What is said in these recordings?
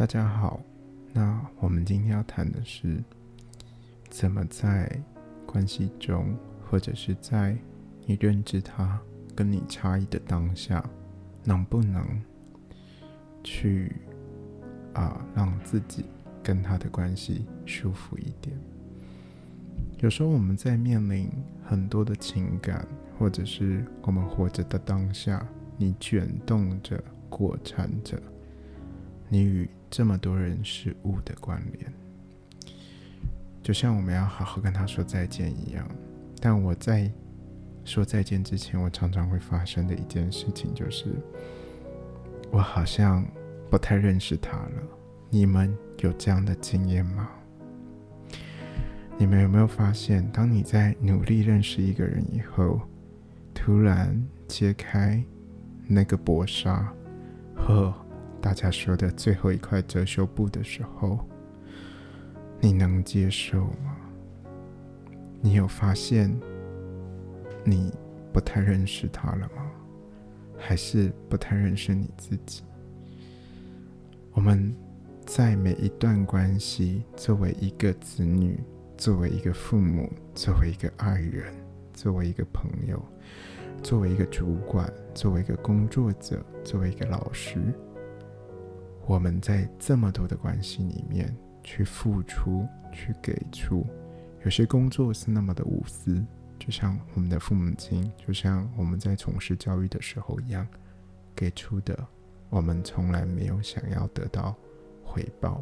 大家好，那我們今天要談的是，怎麼在關係中，或者是在你認知他跟你差異的當下，能不能去啊、呃，讓自己跟他的關係舒服一點？有時候我們在面臨很多的情感，或者是我們活着的當下，你捲動着、裹纏着，你與。這麼多人事物的關聯，就像我們要好好跟他說再見一樣。但我在說再見之前，我常常會發生的一件事情就是，我好像不太認識他了。你們有這樣的經驗嗎？你們有沒有發現，當你在努力認識一個人以後，突然揭開那個薄紗，呵。大家說的最後一塊遮羞布的時候，你能接受嗎？你有發現你不太認識他了嗎？還是不太認識你自己？我們在每一段關係，作為一個子女，作為一個父母，作為一個愛人，作為一個朋友，作為一個主管，作為一個工作者，作為一個老師。我們在這麼多的關係裡面去付出、去給出，有些工作是那麼的無私，就像我們的父母親，就像我們在從事教育的時候一樣，給出的，我們從來沒有想要得到回報，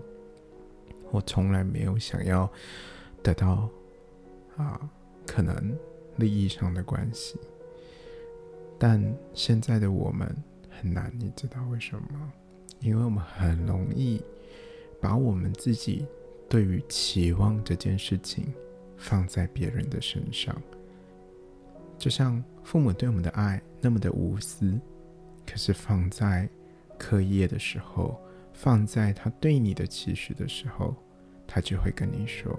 我從來沒有想要得到啊，可能利益上的關係，但現在的我們很難，你知道為什麼嗎？因為我們很容易把我們自己對於期望這件事情放在別人的身上，就像父母對我們的愛那麼的無私，可是放在課業的時候，放在他對你的期許的時候，他就會跟你說：“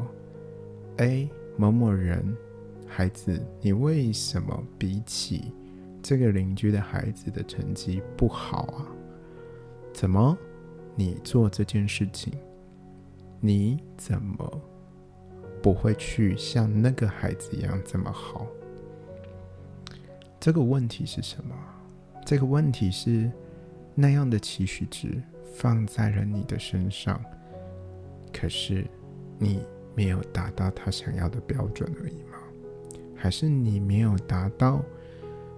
哎，某某人，孩子，你為什麼比起這個鄰居的孩子的成績不好啊？”怎麼，你做這件事情，你怎麼不會去像那個孩子一樣這麼好？這個問題是什麼？這個問題是那樣的期許值放在了你的身上，可是你沒有達到他想要的標準而已嗎？還是你沒有達到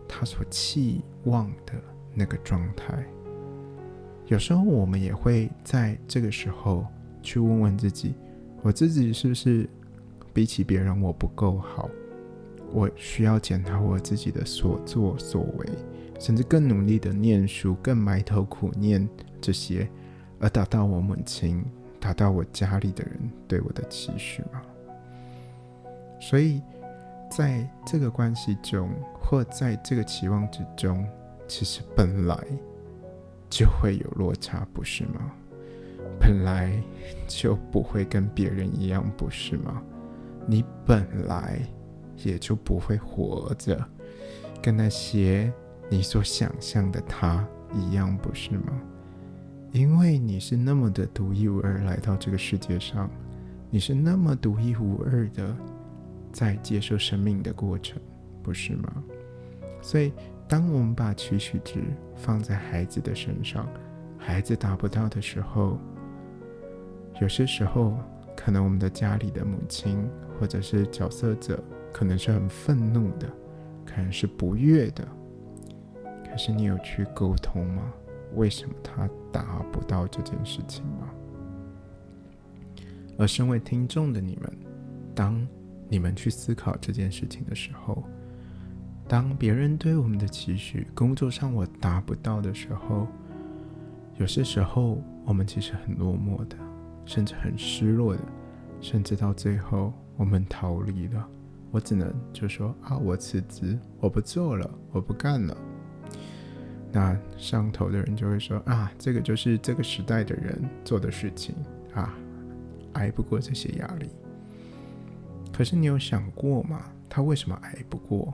他所期望的那個狀態？有時候我們也會在這個時候去問問自己：我自己是不是比起別人我不夠好？我需要檢討我自己的所作所為，甚至更努力的念書，更埋頭苦念這些，而達到我母親、達到我家裡的人對我的期許嗎？所以在這個關係中，或在這個期望之中，其實本來。就會有落差，不是嗎？本來就不會跟別人一樣，不是嗎？你本來也就不會活着，跟那些你所想象的他一樣，不是嗎？因為你是那麼的獨一無二來到這個世界上，你是那麼獨一無二的在接受生命的過程，不是嗎？所以。當我們把期許值，放在孩子的身上，孩子達不到的時候，有些時候可能我們的家裡的母親或者是角色者可能是很憤怒的，可能是不悅的。可是你有去溝通嗎？為什麼他達不到這件事情嗎？而身為聽眾的你們，當你們去思考這件事情的時候。當別人對我們的期許，工作上我達不到的時候，有些時候我們其實很落寞的，甚至很失落的，甚至到最後我們逃離了。我只能就說啊，我辭職，我不做了，我不幹了。那上頭的人就會說啊，這個就是這個時代的人做的事情啊，挨不過這些壓力。可是你有想過嗎？他為什麼挨不過？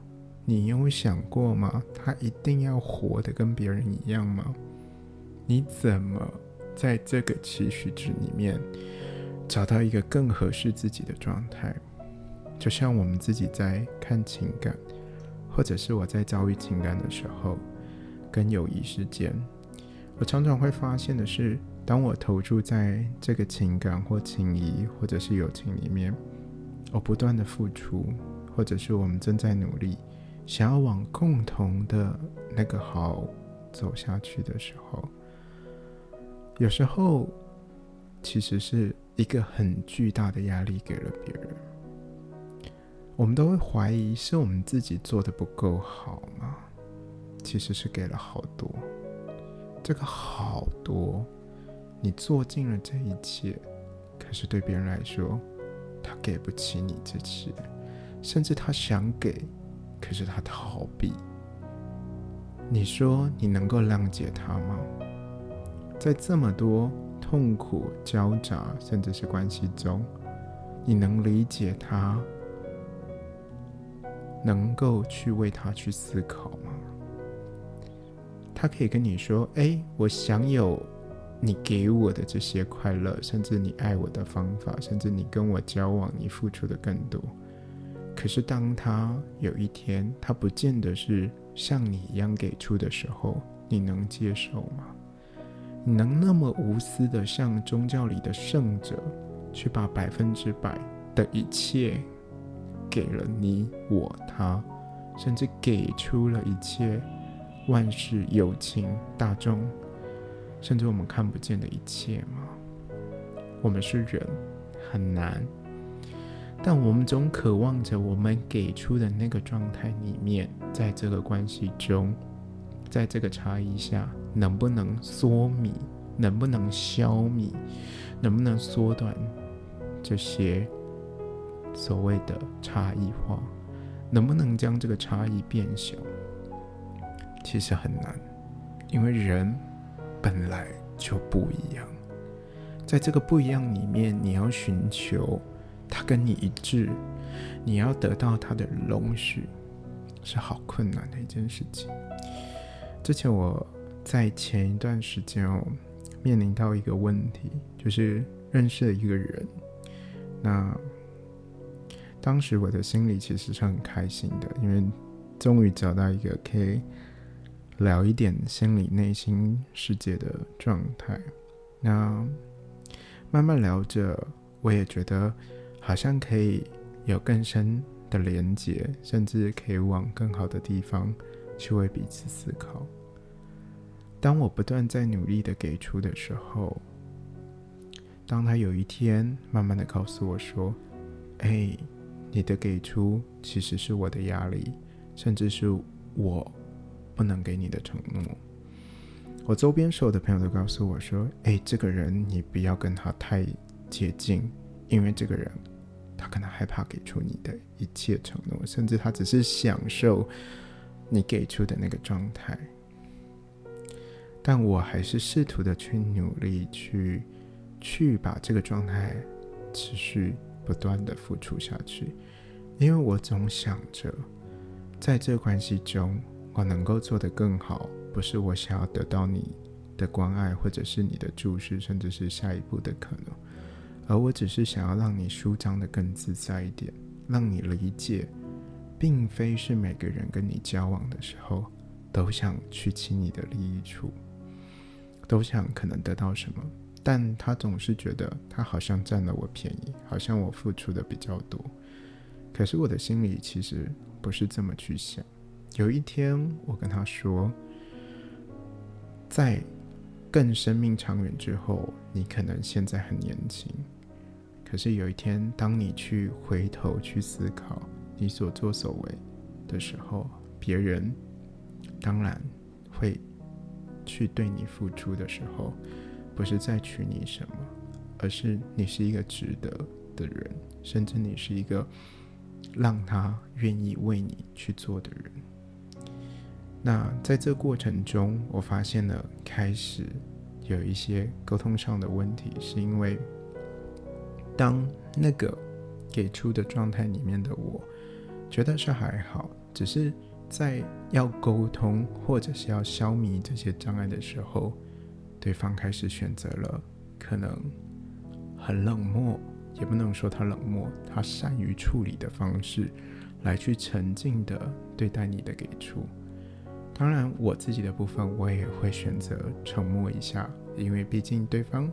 你有想過嗎？他一定要活得跟別人一樣嗎？你怎麼在這個期許值裡面找到一個更合適自己的狀態？就像我們自己在看情感，或者是我在遭遇情感的時候，跟友誼之間。我常常會發現的是，當我投注在這個情感或情誼或者是友情裡面，我不斷的付出，或者是我們正在努力。想要往共同的那個好走下去的時候，有時候其實是一個很巨大的壓力給了別人。我們都會懷疑是我們自己做的不夠好嗎？其實是給了好多，這個好多，你做盡了這一切，可是對別人來說，他給不起你這些，甚至他想給。可是他逃避，你說你能夠諒解他嗎？在這麼多痛苦、交雜，甚至是關係中，你能理解他，能夠去為他去思考嗎？他可以跟你說：“哎、欸，我享有你給我的這些快樂，甚至你愛我的方法，甚至你跟我交往，你付出的更多。”可是，當他有一天，他不見得是像你一樣給出的時候，你能接受嗎？你能那麼無私的，像宗教裡的聖者，去把百分之百的一切給了你、我、他，甚至給出了一切萬事、有情、大眾，甚至我們看不見的一切嗎？我們是人，很難。但我們總渴望着，我們給出的那個狀態裡面，在這個關係中，在這個差異下，能不能縮米，能不能消弭，能不能縮短這些所謂的差異化，能不能將這個差異變小？其實很難，因為人本來就不一樣，在這個不一樣裡面，你要尋求。他跟你一致，你要得到他的容許，是好困難的一件事情。之前我在前一段時間哦，面臨到一個問題，就是認識了一個人。那當時我的心裡其實是很開心的，因為終於找到一個可以聊一點心理內心世界的狀態。那慢慢聊着，我也覺得。好像可以有更深的連接，甚至可以往更好的地方去為彼此思考。當我不斷在努力的給出的時候，當他有一天慢慢的告訴我說：“哎、欸，你的給出其實是我的壓力，甚至是我不能給你的承諾。”我周邊所有的朋友都告訴我說：“哎、欸，這個人你不要跟他太接近，因為這個人。”他可能害怕給出你的一切承諾，甚至他只是享受你給出的那個狀態。但我還是試圖的去努力去去把這個狀態持續不斷的付出下去，因為我總想着在這關係中我能夠做得更好，不是我想要得到你的關愛，或者是你的注視，甚至是下一步的可能。而我只是想要讓你舒張的更自在一點，讓你理解，並非是每個人跟你交往的時候，都想去親你的利益處，都想可能得到什麼，但他總是覺得他好像占了我便宜，好像我付出的比較多。可是我的心裡其實不是這麼去想。有一天我跟他說，在更生命長遠之後，你可能現在很年輕。可是有一天，當你去回頭去思考你所作所為的時候，別人當然會去對你付出的時候，不是在取你什麼，而是你是一個值得的人，甚至你是一個讓他願意為你去做的人。那在這過程中，我發現了開始有一些溝通上的問題，是因為。當那個給出的狀態裡面的我覺得是還好，只是在要溝通或者是要消弭這些障礙的時候，對方開始選擇了可能很冷漠，也不能說他冷漠，他善於處理的方式，來去沉靜的對待你的給出。當然，我自己的部分我也會選擇沉默一下，因為畢竟對方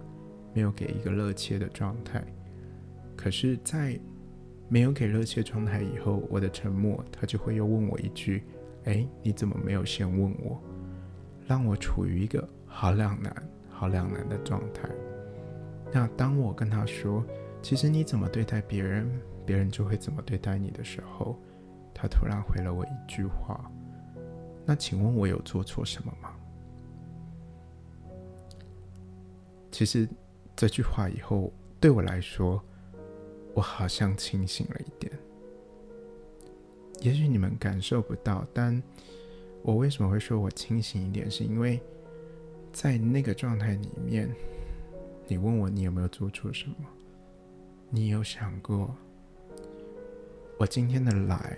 沒有給一個熱切的狀態。可是，在沒有給熱切狀態以後，我的沉默，他就會又問我一句：“哎、欸，你怎麼沒有先問我？”讓我處於一個好兩難、好兩難的狀態。那當我跟他說：“其實你怎麼對待別人，別人就會怎麼對待你”的時候，他突然回了我一句話：“那請問我有做錯什麼嗎？”其實這句話以後，對我來說。我好像清醒了一點，也許你們感受不到，但我為什麼會說我清醒一點？是因為在那個狀態裡面，你問我你有沒有做錯什麼，你有想過，我今天的來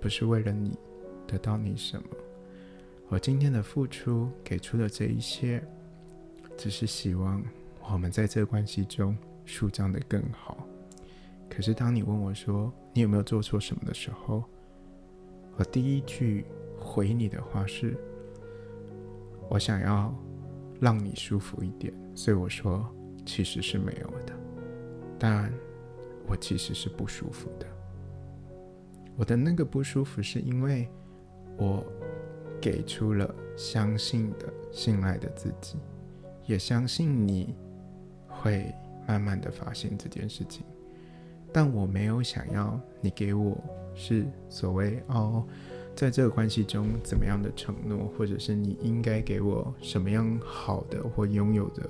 不是為了你得到你什麼，我今天的付出給出的這一切，只是希望我們在這個關係中舒張的更好。可是，當你問我說你有沒有做錯什麼的時候，我第一句回你的話是：我想要讓你舒服一點，所以我說其實是沒有的。但，我其實是不舒服的。我的那個不舒服是因為我給出了相信的、信賴的自己，也相信你會慢慢的發現這件事情。但我沒有想要你給我是所謂哦，在這個關係中怎麼樣的承諾，或者是你應該給我什麼樣好的或擁有的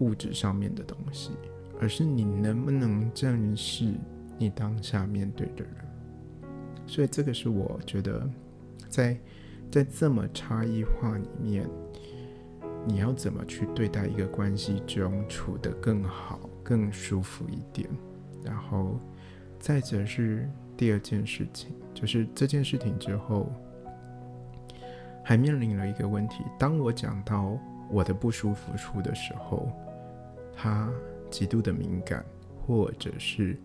物質上面的東西，而是你能不能正視你當下面對的人。所以這個是我覺得在在這麼差異化裡面，你要怎麼去對待一個關係中處得更好、更舒服一點。然後，再者是第二件事情，就是這件事情之後，還面臨了一個問題。當我講到我的不舒服處的時候，他極度的敏感，或者是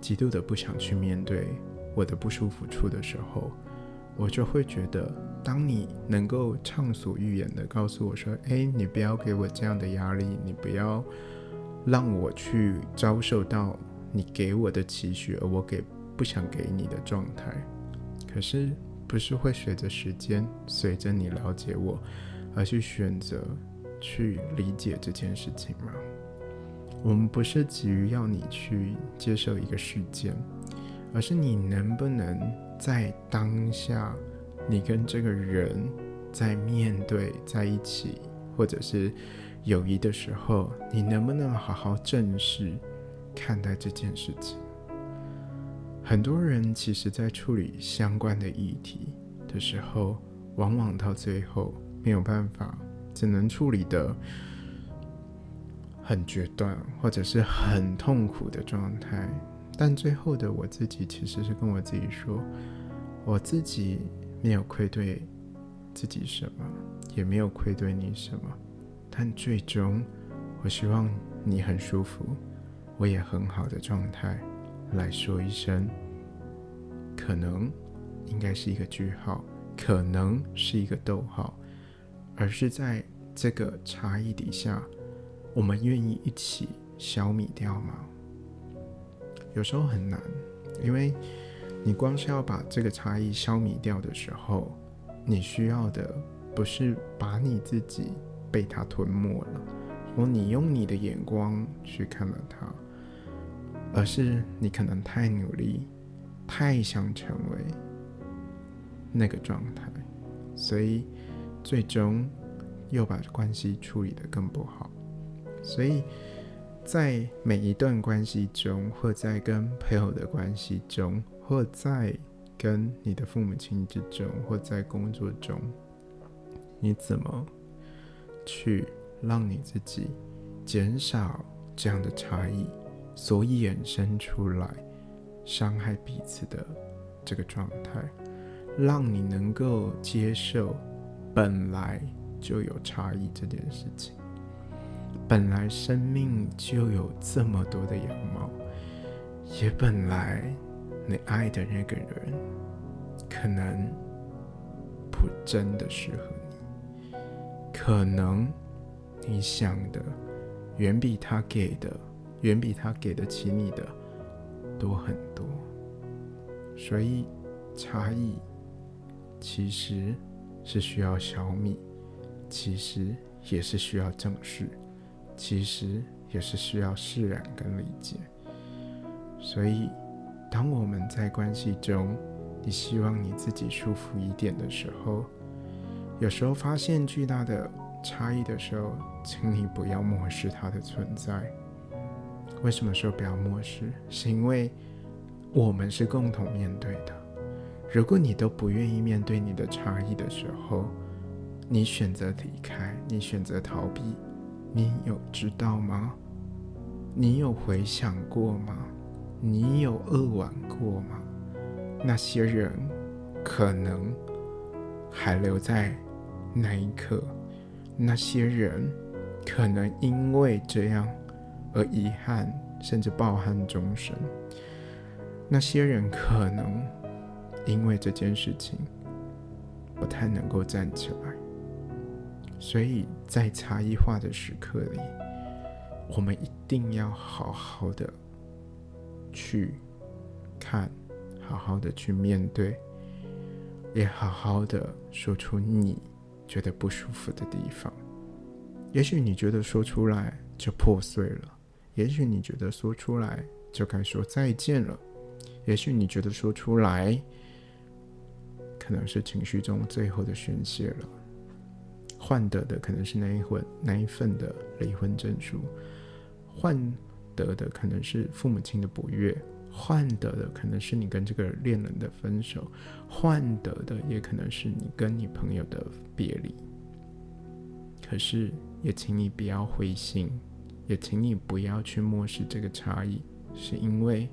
極度的不想去面對我的不舒服處的時候，我就會覺得，當你能夠暢所欲言的告訴我說：“哎，你不要給我這樣的壓力，你不要讓我去遭受到。”你給我的期許，而我給不想給你的狀態，可是不是會隨着時間，隨着你了解我，而去選擇去理解這件事情嗎？我們不是急於要你去接受一個事件，而是你能不能在當下，你跟這個人在面對在一起，或者是友誼的時候，你能不能好好正視？看待這件事情，很多人其實，在處理相關的議題的時候，往往到最後沒有辦法，只能處理得很決斷，或者是很痛苦的狀態。嗯，但最後的我自己，其實是跟我自己說，我自己沒有愧對自己什麼，也沒有愧對你什麼。但最終，我希望你很舒服。我也很好的狀態來說一聲，可能應該是一個句號，可能是一個逗號，而是在這個差異底下，我們願意一起消弭掉嗎？有時候很難，因為你光是要把這個差異消弭掉的時候，你需要的不是把你自己被它吞沒了，或你用你的眼光去看了它。而是你可能太努力，太想成為那個狀態，所以最終又把關係處理得更不好。所以在每一段關係中，或在跟配偶的關係中，或在跟你的父母親之中，或在工作中，你怎麼去讓你自己減少這樣的差異？所以衍生出來傷害彼此的這個狀態，讓你能夠接受本來就有差異這件事情。本來生命就有這麼多的樣貌，也本來你愛的那個人可能不真的適合你，可能你想的遠比他給的。遠比他給得起你的多很多，所以差異其實是需要消弭，其實也是需要正視，其實也是需要釋然跟理解。所以，當我們在關係中，你希望你自己舒服一點的時候，有時候發現巨大的差異的時候，請你不要漠視它的存在。為什麼說不要漠視？是因為我們是共同面對的。如果你都不願意面對你的差異的時候，你選擇離開，你選擇逃避，你有知道嗎？你有回想過嗎？你有扼腕過嗎？那些人可能還留在那一刻。那些人可能因為這樣。而遺憾，甚至抱憾終生。那些人可能因為這件事情不太能夠站起來，所以在差異化的時刻裡，我們一定要好好的去看，好好的去面對，也好好的說出你覺得不舒服的地方。也許你覺得說出來就破碎了。也許你覺得說出來就該說再見了，也許你覺得說出來可能是情緒中最後的宣洩了，換得的可能是那一份那一份的離婚證書，換得的可能是父母親的不悅，換得的可能是你跟這個戀人的分手，換得的也可能是你跟你朋友的別離。可是也請你不要灰心。也請你不要去漠視這個差異，是因為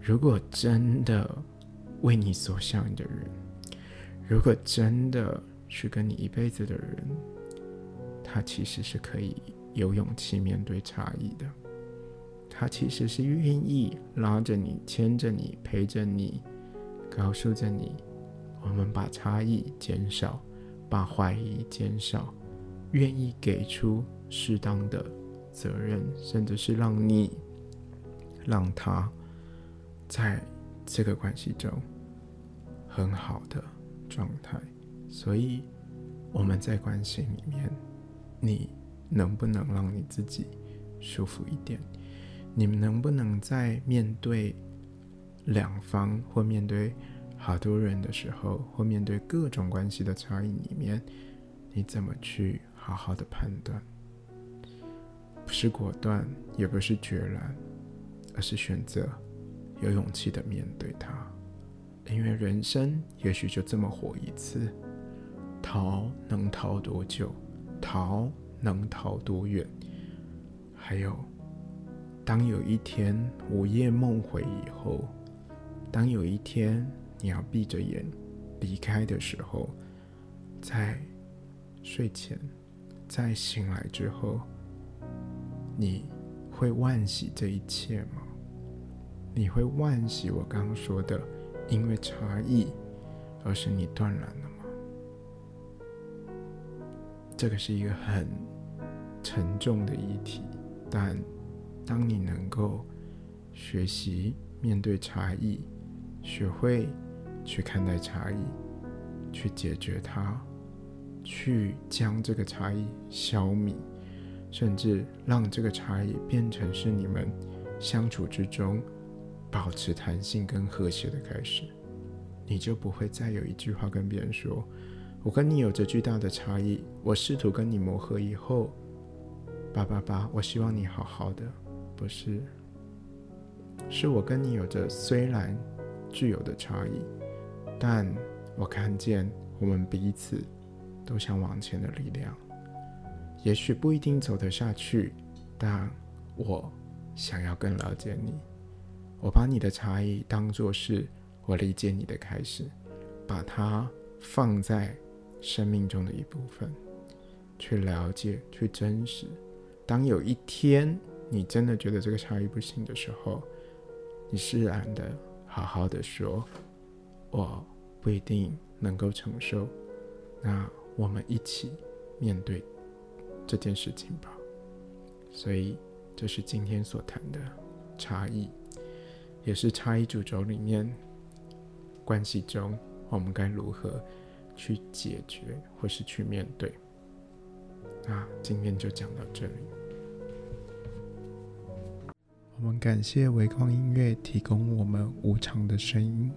如果真的為你所想的人，如果真的是跟你一輩子的人，他其實是可以有勇氣面對差異的，他其實是願意拉着你、牽着你、陪着你、告訴着你，我們把差異減少，把懷疑減少，願意給出適當的。責任，甚至是讓你讓他在這個關係中很好的狀態。所以我們在關係裡面，你能不能讓你自己舒服一點？你們能不能在面對兩方或面對好多人的時候，或面對各種關係的差異裡面，你怎麼去好好的判斷？不是果斷，也不是決然，而是選擇有勇氣的面對它，因為人生也許就這麼活一次，逃能逃多久？逃能逃多遠？還有，當有一天午夜夢回以後，當有一天你要閉着眼離開的時候，在睡前，在醒來之後。你會惋惜這一切嗎？你會惋惜我剛剛說的，因為差異，而使你斷然了嗎？這個是一個很沉重的議題，但當你能夠學習面對差異，學會去看待差異，去解決它，去將這個差異消弭。甚至讓這個差異變成是你們相處之中保持彈性跟和諧的開始，你就不會再有一句話跟別人說：“我跟你有着巨大的差異。”我試圖跟你磨合以後，叭叭叭，我希望你好好的，不是？是我跟你有着雖然具有的差異，但我看見我們彼此都想往前的力量。也許不一定走得下去，但我想要更了解你。我把你的差異當作是我理解你的開始，把它放在生命中的一部分，去了解，去真實。當有一天你真的覺得這個差異不行的時候，你釋然的、好好的說：“我不一定能夠承受。”那我們一起面對這件事情吧，所以這是今天所談的差異，也是差異主軸裡面關係中我們該如何去解決或是去面對。那，今天就講到這裡。我們感謝唯光音樂提供我們無常的聲音。